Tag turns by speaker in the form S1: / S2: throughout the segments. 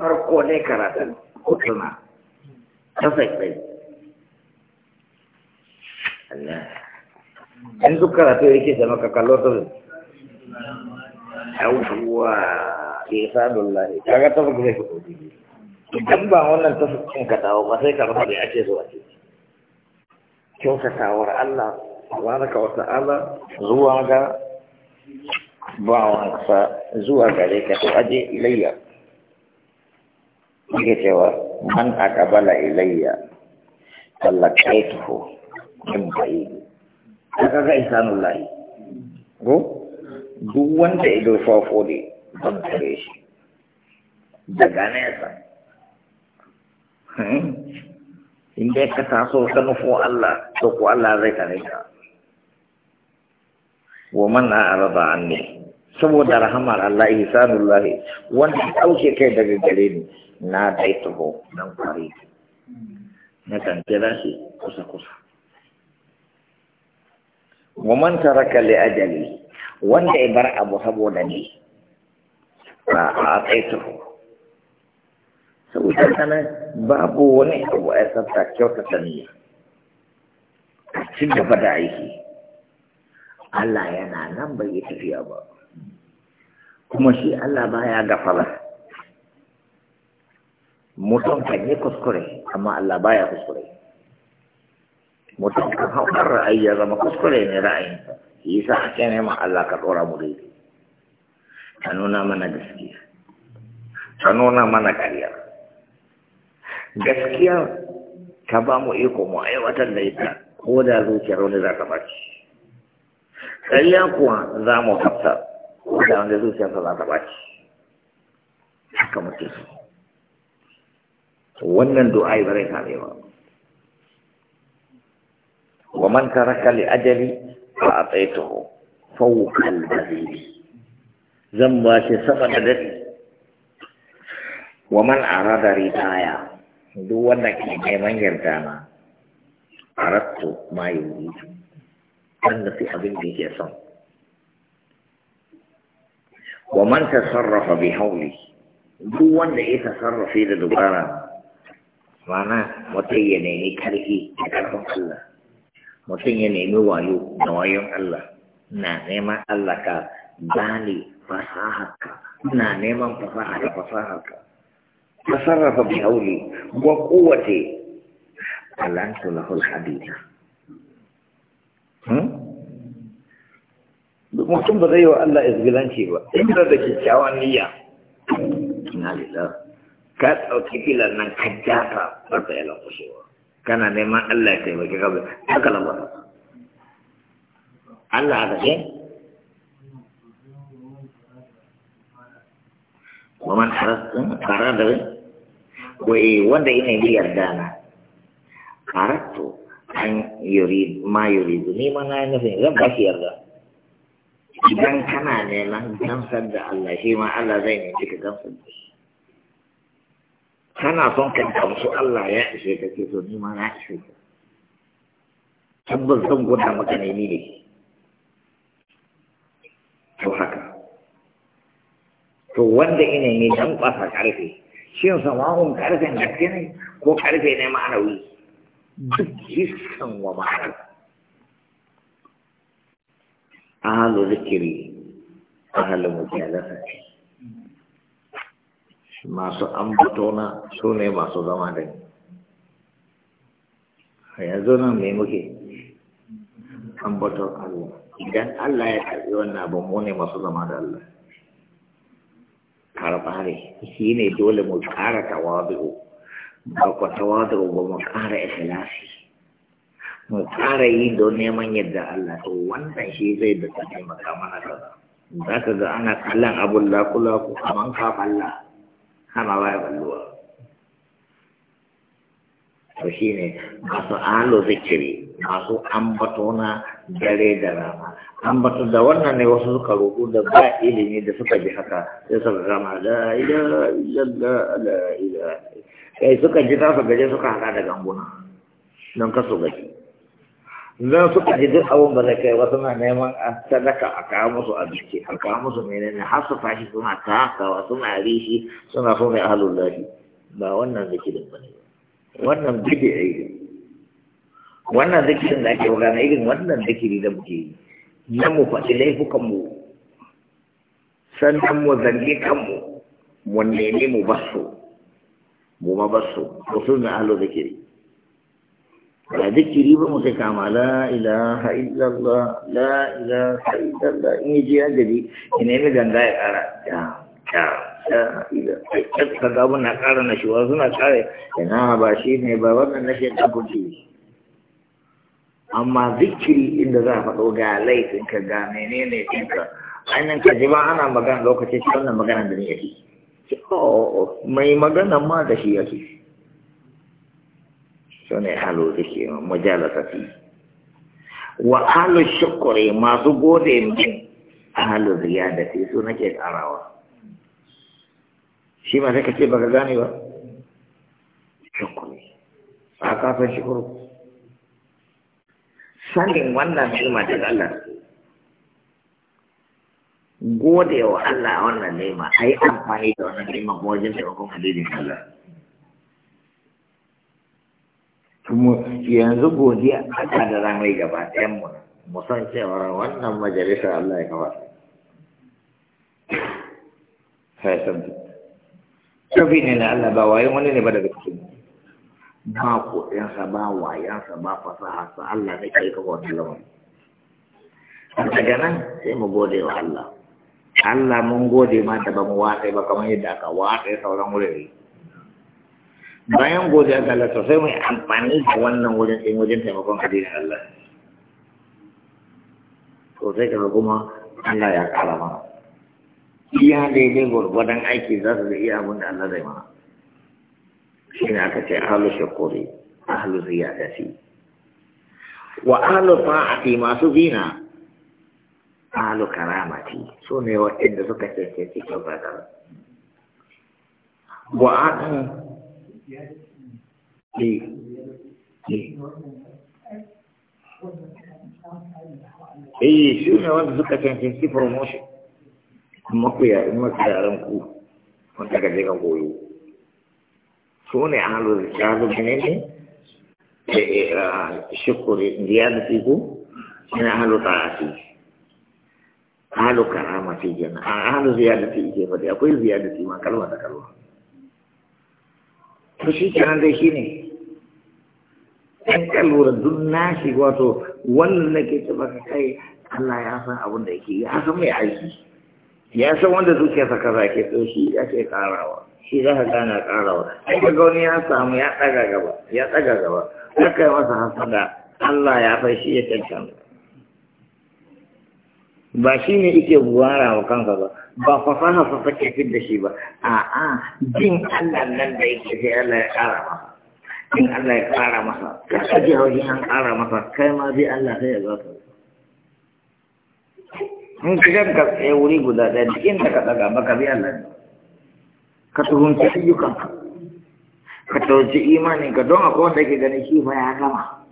S1: farko ne karatun hotuna ta saifai yanzu karatu yake da maka kallotar yawuwa ke sadun lahi kaga ta fi zai fito idan ba wannan ta fi ka dawo ba sai ka rufa da ake zuwa ce kyautatawar Allah tabaraka wa ta'ala zuwa ga sa, zuwa gare ka to aje ilayya yake cewa man aqbala ilayya sallakaituhu min ba'id kaga ga insanullahi go duk wanda ya dofa fodi ban kare shi daga nesa hmm? inda ka taso ka nufo Allah to ko Allah zai kare ka wa man a'rada anni saboda rahamar Allah ihsanullah wanda ya dauke kai daga gare ni na daitaho dan kwari na kan kira shi kusa kusa wa man taraka li ajali wanda ya bar abu saboda ni ba a daitaho saboda kana babu wani abu a tsafta kyautata niyya a ci gaba da aiki Allah yana nan bai yi tafiya ba kuma shi Allah baya gafara mutum kan yi kuskure amma Allah baya kuskure mutum kan haukar ra'ayi ya zama kuskure ne yi sa a ake neman Allah ka tsora mu daidai ka nuna mana gaskiya ka nuna mana ƙarya gaskiya ka ba mu iko mu aiwatar da ita ko da zuciyar wani za ta ɓaci
S2: ƙarya kuwa
S1: za mu tafsar da wanda zuciyarsa za ta baci haka muke su wannan du'ai ba zai kare ba wa man taraka li ajali fa ataituhu fawqa al-bazili zan ba shi sama da dadi wa man arada ritaya duk wanda ke neman yarda na arattu ma yuridu wanda fi abin da yake son wa man tasarrafa bi hauli duk wanda ya tasarrafe da dubara mana mutum ya nemi karfi da karfin Allah mutum ya nemi wayo da wayon Allah na neman Allah ka bani fasaharka na neman fasaha da fasaharka tasarrafa bi hauli wa quwwati alantu lahul hadida hmm? mutum ba zai yi wa Allah izgilanci ba inda da kyakkyawan niyya ina lillah ka ɗauki filan nan ka jafa ba ta yi lankushewa kana neman Allah ya taimaki ka bai haka lamba Allah a kashe waman harastun tare da bai wai wanda ina yi yarda na karatu an yuri ma yuri Ni ma na yi nufin zan ba shi yarda idan kana neman gamsar da Allah shi ma Allah zai ne cika gamsar da shi kana son ka gamsu Allah ya ishe ka ce to ni ma na ishe ka tabbas zan gwada maka ne ne to haka to wanda ina ne dan kwasa karfe shin samahun karfen gaske ne ko karfe ne ma'anawi duk jiskan wa ma'anawi ahalu zikiri ahalu mujalasa masu ambatona su ne masu zama da yanzu nan mai muke ambaton Allah idan Allah ya karbi wannan abin mu ne masu zama da Allah karɓare shi ne dole mu ƙara tawadu ba ku tawadu ba mu ƙara ikhlasi mu ƙara yi don neman yadda Allah to wannan shi zai da ta taimaka mana kaza za ka ga ana kallon abun lakulaku kaman ka balla hana wa balluwa to shi ne masu alo zikiri masu ambato na dare da rama ambato da wannan ne wasu suka roƙo da ba ilimi da suka ji haka sai suka gama da ila ila ila ila kai suka ji ta gaje suka haka da ganguna don kaso gaji zan su ji duk abin ba zai kai wasu na neman sadaka a kawo musu abinci a kawo musu menene har su tashi suna takawa suna rishi suna so mai ahalun lafi ba wannan zikirin ba ne wannan bidi'a ne wannan zikirin da ake magana irin wannan zikiri da muke yi na mu faɗi laifukan mu sannan mu zange kanmu mu nemi mu basu mu ma basu musulmi ahalun zikiri ba zikiri ba muka kama la ilaha illallah la ilaha illallah in yi jiya gari ina yi ganga ya kara ya ya ya ka ga muna kara na shiwa suna kare ina ba shi ne ba wannan na ta kuce amma zikiri inda za a faɗo ga laifin ka ga menene ɗinka ainihin ka ji ba ana magana lokacin shi wannan magana da ne yake oh, oh, oh, mai magana ma da shi yake sune halu zikir mujalasati wa halu shukuri masu gode min halu ziyadati su nake karawa shi ma sai ka ce baka gane ba shukuri a fa shukuru sanin wannan ni'ima daga Allah gode wa Allah wannan ni'ima ai amfani da wannan ni'ima wajen taimakon addinin Allah yanzu godiya Allah da za gaba ɗayan mu mu san cewa wannan majalisa Allah ya kafa sai san kafi ne na Allah ba wayan wani ne ba daga cikin ba kuɗinsa ba wayansa ba fasaha sa Allah ne kai kafa wannan lamarin daga nan sai mu gode wa Allah Allah mun gode ma da ba mu watsa ba kamar yadda aka watsa sauran wurare bayan godiya ga Allah sai mai amfani da wannan wurin ɗin wajen taimakon addinin Allah Sosai sai kuma Allah ya ƙara mana iya daidai gwargwadon aiki za su iya abin da Allah zai mana shi ne aka ce ahalu shakuri ahlu ziyadati wa ahlu ta'ati masu bina ahalu karamati su ne waɗanda suka ce ce cikin fadar wa ahlu Eh. Eh. Eh, shi ne wanda suka cancanci promotion. Makuya, in makayaran ku, wanda ka je ka koyo. Su ne ahalu da shahalu gane eh, ne? Eh, eh, shukuri, indiya da tiku, shi ne ahalu ta'afi. Ahalu karamati kenan, ahalu ziyadati ke akwai ziyadati ma kalma da kalma. to shi kenan zai shi ne ɗan ka lura duk nashi wato wannan ke ce baka kai Allah ya san abin da yake ya san mai aiki ya san wanda zuciyarsa kaza ke so shi ya ke karawa shi za ka gana karawa ai ka ga wani ya samu ya daga gaba ya daga gaba ka kai masa da Allah ya fai shi ya cancanta ba shi ne ike buwara wa kanka ba ba fasaha su take fit da shi ba a'a jin Allah nan da yake sai Allah ya ƙara masa in Allah ya ƙara masa ka ji haushi an ƙara masa kai ma bi Allah sai ya zo ka Mun ka ga ka tsaye wuri guda ɗaya duk inda ka ɗaga baka ka bi Allah ne ka tuhunci ayyukanka ka tuhunci imaninka don akwai wanda ke ganin shi fa ya gama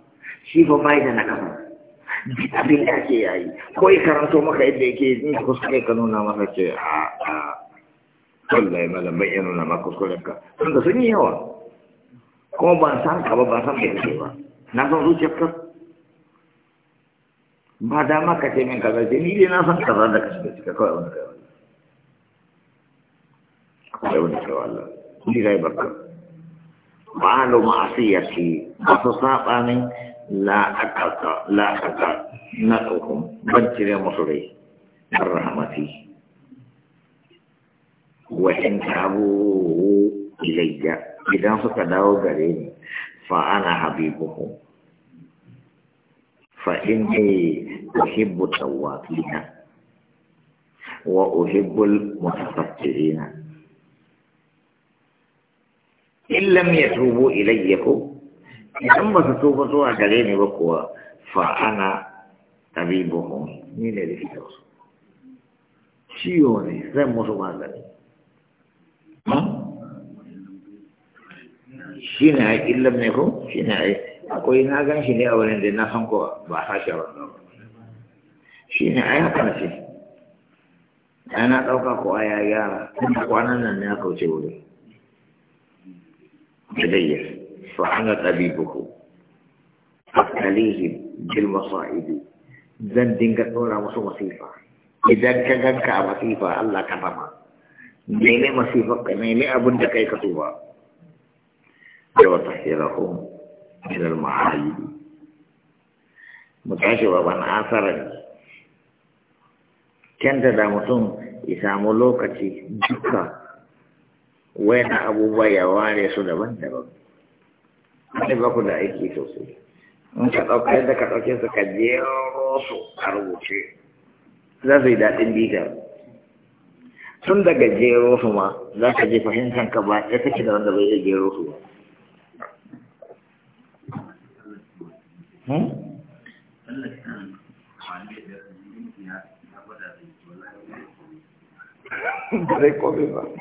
S1: shi fa bai da na kafa duk abin da ake yayi ko ya karanto maka yadda yake in ka kuskure ka nuna maka ce a a wallahi malam bai iya nuna maka kuskuren ka tunda sun yi yawa kuma ban san ka ba ban san bai kake ba na san zuciyar ka ba dama ka ce min kaza ce ni dai na san kaza da ka shiga cika kawai wani kai wani kawai wani kai wallah ni rai barka ba alu ma'asiyati ba su saba min لا أكلت لا أكلت نأوهم بنتي مصري الرحمة وإن تابوا إلي إذا فقدوا قريب فأنا حبيبهم فإني أحب التوابين وأحب المتفكرين إن لم يتوبوا إليكم idan ba su tuba zuwa gare ni ba kuwa fa'ana tabibuhum ni ne likita su ciwo ne zan musu magani shi ne a illar ne ko shi ne a akwai na gan shi ne a wurin da na san kowa ba a sashi wannan ba shi ne a yi na ce ana ɗauka ko a ya yara kuma kwanan nan ne ya kauce wuri da dayyar فأنا طبيبه أبتليهم بالمصائب zan dinga ɗora musu masifa idan ka ganka a masifa Allah ka fama neme masifa ka neme abin da kai ka tuba da wata hirahun minar ma'ayibi mu tashi wa asarar kyanta da mutum ya lokaci duka wayan abubuwa ya ware su daban-daban wani ba ku da aiki sosai in ka ɗauka yadda ka ɗauke su ka jero su a rubuce za su yi daɗin bitar tun daga jero su ma za ka je fahimtar ka ba ya take da wanda bai iya jero su ba hmm? ba zai komi ba